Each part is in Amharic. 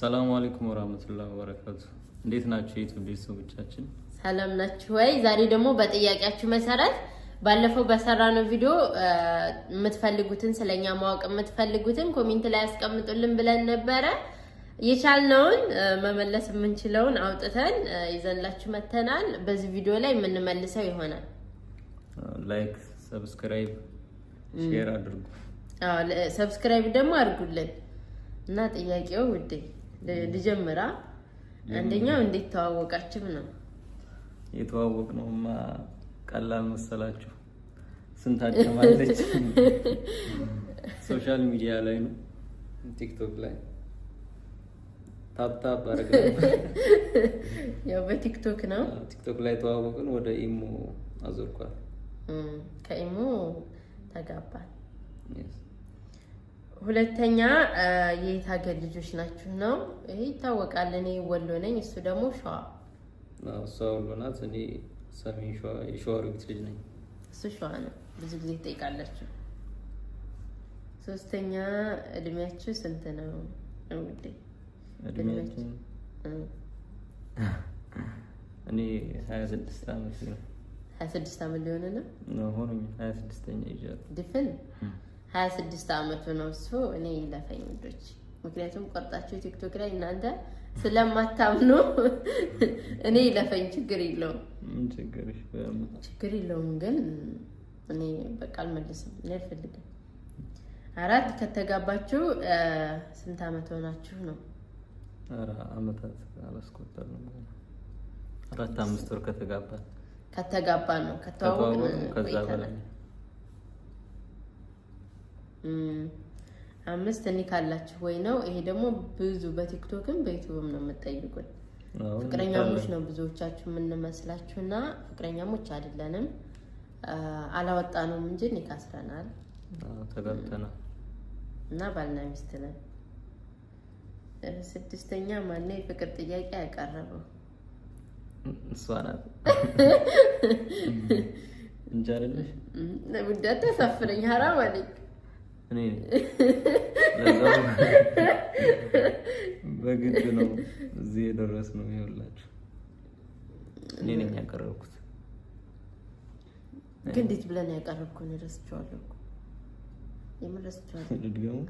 ሰላም አለይኩም ወራህመቱላሂ ወበረካቱ። እንዴት ናችሁ የቱ ቤተሰቦቻችን? ሰላም ናችሁ ወይ? ዛሬ ደግሞ በጥያቄያችሁ መሰረት ባለፈው በሰራነው ቪዲዮ የምትፈልጉትን ስለኛ ማወቅ የምትፈልጉትን ኮሜንት ላይ ያስቀምጡልን ብለን ነበረ። የቻልነውን መመለስ የምንችለውን አውጥተን ይዘንላችሁ መተናል። በዚህ ቪዲዮ ላይ የምንመልሰው ይሆናል። ላይክ፣ ሰብስክራይብ፣ ሼር አድርጉ። ሰብስክራይብ ደግሞ አድርጉልን እና ጥያቄው ውዴ ልጀምራ። አንደኛው እንዴት ተዋወቃችሁ ነው? የተዋወቅ ነውማ ቀላል መሰላችሁ? ስንት አጀማለች። ሶሻል ሚዲያ ላይ ነው፣ ቲክቶክ ላይ ታብታብ አረገ። ያው በቲክቶክ ነው፣ ቲክቶክ ላይ ተዋወቅን። ወደ ኢሞ አዞርኳል፣ ከኢሞ ተጋባል። ሁለተኛ የየት ሀገር ልጆች ናችሁ ነው? ይህ ይታወቃል። እኔ ወሎ ነኝ፣ እሱ ደግሞ ሸዋ። እሷ ወሎ ናት፣ እኔ ሰሜን ሸዋ የሸዋሮቢት ልጅ ነኝ፣ እሱ ሸዋ ነው። ብዙ ጊዜ ትጠይቃላችሁ። ሶስተኛ እድሜያችሁ ስንት ነው? ውዴ እኔ ሀያ ስድስት ዓመት ነው። ሀያ ስድስት ዓመት ሊሆን ነው ሆኖ ሀያ ስድስተኛ ይዣለሁ ድፍን ሀያ ስድስት አመቱ ነው እሱ። እኔ ይለፈኝ ውዶች፣ ምክንያቱም ቆርጣችሁ ቲክቶክ ላይ እናንተ ስለማታምኑ እኔ ይለፈኝ፣ ችግር የለውም ችግር የለውም። ግን እኔ በቃ አልመልስም፣ እኔ አልፈልግም። አራት ከተጋባችሁ ስንት አመት ሆናችሁ ነው? አመታት አላስቆጠርንም። አራት አምስት ወር ከተጋባ ከተጋባ ነው ከተዋወቅ ከዛ በላይ አምስት እኒ ካላችሁ ወይ ነው። ይሄ ደግሞ ብዙ በቲክቶክም በዩቱብም ነው የምጠይቁን። ፍቅረኛሞች ነው ብዙዎቻችሁ የምንመስላችሁ እና ፍቅረኛሞች አይደለንም። አላወጣነውም እንጂ ኒካ አስረናል፣ ተጋብተናል እና ባልና ሚስት ነን። ስድስተኛ ማነው የፍቅር ጥያቄ ያቀረበው? እሷ ናት እንጂ አይደለሽ። ጉዳይ አታሳፍረኝ። ሀራም አለኝ እኔ በግድ ነው እዚህ የደረስነው። ይኸውላችሁ እኔ ነኝ ያቀረብኩት። ግን እንዴት ብለን ያቀረብኩን? እረስቸዋለሁ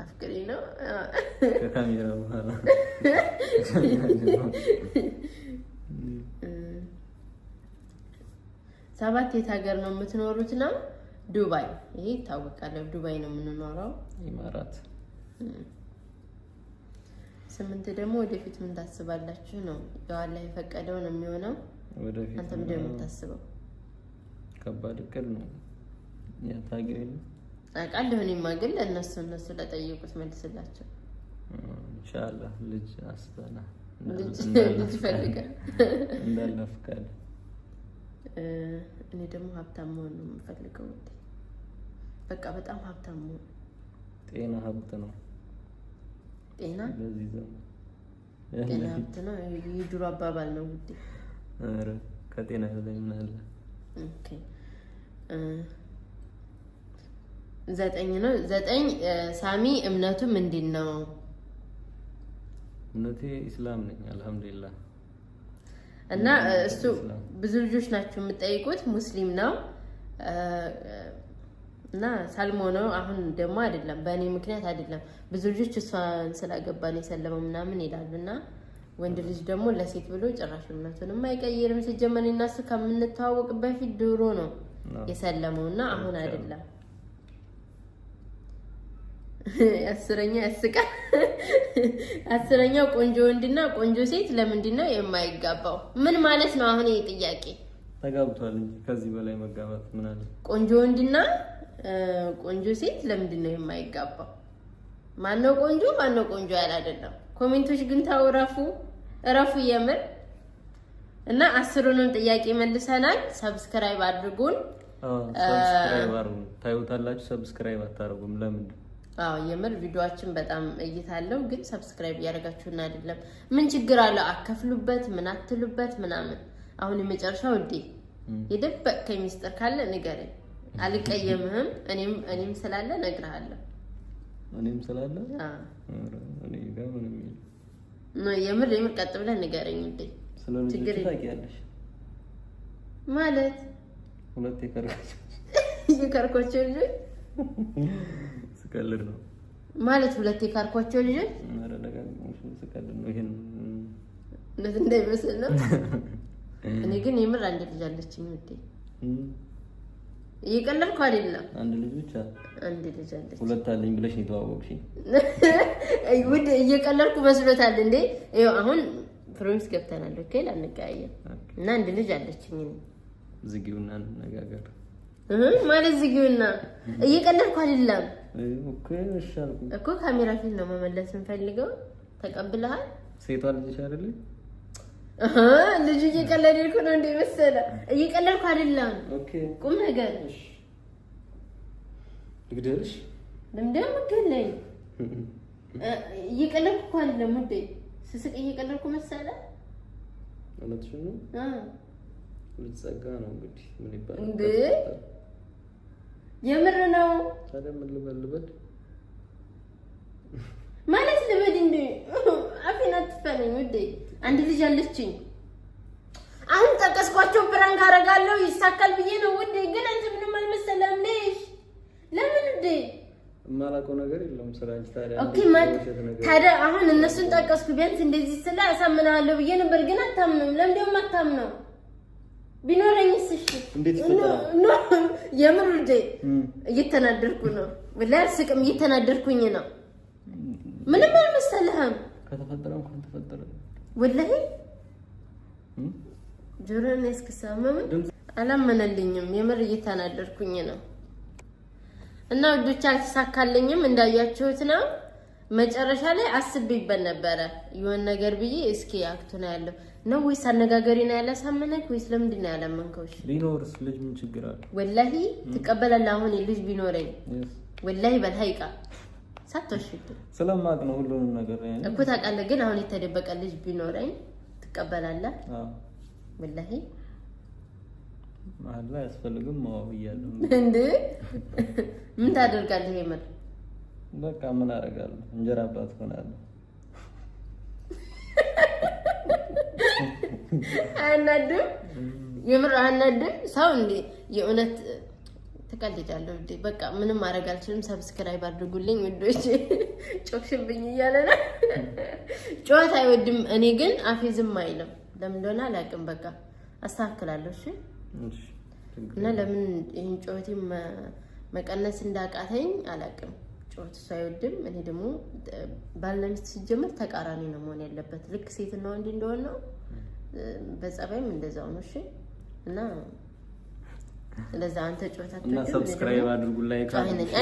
አፍቅሪ ነው ከካሜራ በኋላ ሰባት የት ሀገር ነው የምትኖሩት ነው ዱባይ ይሄ ይታወቃል። ዱባይ ነው የምንኖረው ኢማራት። ስምንት ደግሞ ወደፊት ምን ታስባላችሁ ነው? ያው አላህ የፈቀደው ነው የሚሆነው። ወደፊት አንተ ምንድን ነው የምታስበው? ከባድ እቅድ ነው ያታገኝ ነው አቃል ሆነ ማግል እነሱ እነሱ ለጠየቁት መልስላቸው። ኢንሻአላህ ልጅ አስበና ልጅ ፈልገን እንዳለ ፍቃድ እኔ ደግሞ ሀብታም መሆን ነው የምፈልገው። በቃ በጣም ሀብታም ነው። ጤና ሀብት ነው። ጤና ለዚህ ጤና ሀብት ነው። የድሮ አባባል ነው ውዴ። ኧረ ከጤና በላይ ምን አለ? ኦኬ ዘጠኝ ነው። ዘጠኝ ሳሚ እምነቱ ምንድን ነው? እምነቴ ኢስላም ነኝ አልሐምዱሊላህ። እና እሱ ብዙ ልጆች ናቸው የምጠይቁት ሙስሊም ነው እና ሳልሞኖ አሁን ደግሞ አይደለም በእኔ ምክንያት አይደለም። ብዙ ልጆች እሷን ስላገባን የሰለመው ምናምን ይላሉ። እና ወንድ ልጅ ደግሞ ለሴት ብሎ ጭራሽ እምነቱንም አይቀይርም። ሲጀመር እናሱ ከምንተዋወቅ በፊት ድሮ ነው የሰለመው እና አሁን አይደለም። አስረኛ ያስቃል። አስረኛው ቆንጆ ወንድና ቆንጆ ሴት ለምንድን ነው የማይጋባው? ምን ማለት ነው? አሁን ይሄ ጥያቄ ተጋብቷል እንጂ ከዚህ በላይ መጋባት ምን አለ? ቆንጆ ወንድና ቆንጆ ሴት ለምንድን ነው የማይጋባው? ማነው ቆንጆ ማነው ቆንጆ ያለ አይደለም። ኮሜንቶች ግን ታው እረፉ እረፉ የምር እና አስሩንም ጥያቄ መልሰናል። ሰብስክራይብ አድርጉን። ሰብስክራይብ አድርጉን። ታዩታላችሁ። ሰብስክራይብ አታደርጉም ለምንድን? አዎ የምር በጣም እይታ አለው፣ ግን ሰብስክራይብ እያደረጋችሁና አይደለም። ምን ችግር አለው? አከፍሉበት ምን አትሉበት ምናምን። አሁን የመጨረሻው እንዴ የደበቅ ከሚስጥር ካለ ንገረኝ። አልቀየምህም። እኔም እኔም ስላለ እነግርሃለሁ። እኔም ስላለ እኔ ጋር ምንም የምር የምር ቀጥ ብለህ ንገረኝ እንዴ። ችግር ታውቂያለሽ ማለት ሁለት የካርኳቸው ልጆች ስቀልድ ነው ማለት ሁለት የካርኳቸው ልጆች ስቀልድ ነው። ይሄን እውነት እንዳይመስል ነው። እኔ ግን የምር አንድ ልጅ አለችኝ ውዴ እየቀለድኩ አይደለም። አንድ ልጅ ብቻ አንድ ልጅ አለች። ሁለት አለኝ ብለሽ ነው የተዋወቅሽኝ። ውድ እየቀለድኩ መስሎታል እንዴ? ይኸው አሁን ፕሮሚስ ገብተናል። ኦኬ ላንቀያየም እና አንድ ልጅ አለችኝ። ዝጊውና እንነጋገር ማለት ዝጊውና። እየቀለድኩ አይደለም እኮ ካሜራ ፊት ነው መመለስ እንፈልገው። ተቀብለሃል? ሴቷ ልጅሽ አይደለች ልጁ እየቀለድኩ ነው እንደ መሰለህ? እየቀለድኩ አይደለም፣ ቁም ነገር ልግደልሽ። ለምንድን ነው እየቀለድኩ እኮ አይደለም ውዴ፣ ስስቅ እየቀለድኩ መሰለህ? እውነትሽን ነው። ልትጸጋ ነው እንግዲህ ምን ይባላል እንዴ? የምር ነው ታዲያ። ምን ልበል ልበል ማለት ልበል እንዴ? አፌን አትፈለኝ ውዴ አንድ ልጅ አለችኝ። አሁን ጠቀስኳቸውን ፕራንክ አደርጋለሁ ይሳካል ብዬ ነው ውዴ። ግን አንቺ ምንም አልመሰለም ልጅ ለምን ውዴ? የማላውቀው ነገር የለም ስላንቺ። ታዲያ ኦኬ ማለት ታዲያ አሁን እነሱን ጠቀስኩ ቢያንስ እንደዚህ ስለ አሳምናለሁ ብዬ ነበር። ግን አታምንም። ለምን ደግሞ አታምነው? ቢኖረኝስ? እሺ እንዴት ይፈጠራል? የምር ውዴ እየተናደርኩ ነው። ወላሂ ስቅም እየተናደርኩኝ ነው። ምንም አልመሰለህም። ከተፈጠረ እንኳን ተፈጠረ ወላሂ ጆሮን እስከሰማም አላመነልኝም። የምር እየተናደርኩኝ ነው። እና ውዶች አልተሳካልኝም፣ እንዳያችሁት ነው። መጨረሻ ላይ አስቤበት ነበረ የሆነ ነገር ብዬ እስኪ አክቱ ነው ያለው ነው ወይስ አነጋገሪ ነው ያላሳመነክ ወይስ ለምንድን ነው ያላመንከውሽ? ቢኖርስ ልጅ ምን ችግር አለ? ወላሂ ትቀበላለህ። አሁን ልጅ ቢኖረኝ ወላሂ በልሀይቃ ሳትወሽብኝ ስለማቅ ነው ሁሉንም ነገር እኮ ታውቃለህ። ግን አሁን የተደበቀ ልጅ ቢኖረኝ ትቀበላለህ? ብላሂ ማላ አያስፈልግም። ማወቅ እያለሁ እንደ ምን ታደርጋለህ? የምር በቃ ምን አደርጋለሁ? እንጀራ አባት ሆናለሁ። አያናድም? የምር አያናድም? ሰው እንዴ የእውነት ተቀልጃለሁ እንዴ! በቃ ምንም ማድረግ አልችልም። ሰብስክራይብ አድርጉልኝ ውዶች። ጮክሽብኝ እያለ ነው። ጨዋታ አይወድም፣ እኔ ግን አፌ ዝም አይልም። ለምን እንደሆነ አላውቅም። በቃ አስተካክላለሁ። እሺ። እና ለምን ይህን ጩኸቴ መቀነስ እንዳቃተኝ አላውቅም። ጩኸት እሱ አይወድም፣ እኔ ደግሞ ባልና ሚስት ሲጀምር ተቃራኒ ነው መሆን ያለበት። ልክ ሴትና ወንድ እንደሆን ነው፣ በጸባይም እንደዛው ነው። እሺ እና አንተ እና ሰብስክራይብ አድርጉ።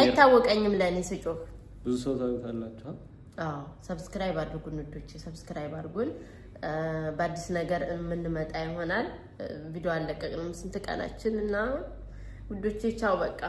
አይታወቀኝም ለእኔ ስጮህ ብዙ ሰው ታዩታላችሁ። ሰብስክራይብ አድርጉን ውዶች፣ ሰብስክራይብ አድርጉን። በአዲስ ነገር የምንመጣ ይሆናል። ቪዲዮ አለቀቅንም ስንት ቀናችን እና ውዶቼ ቻው በቃ።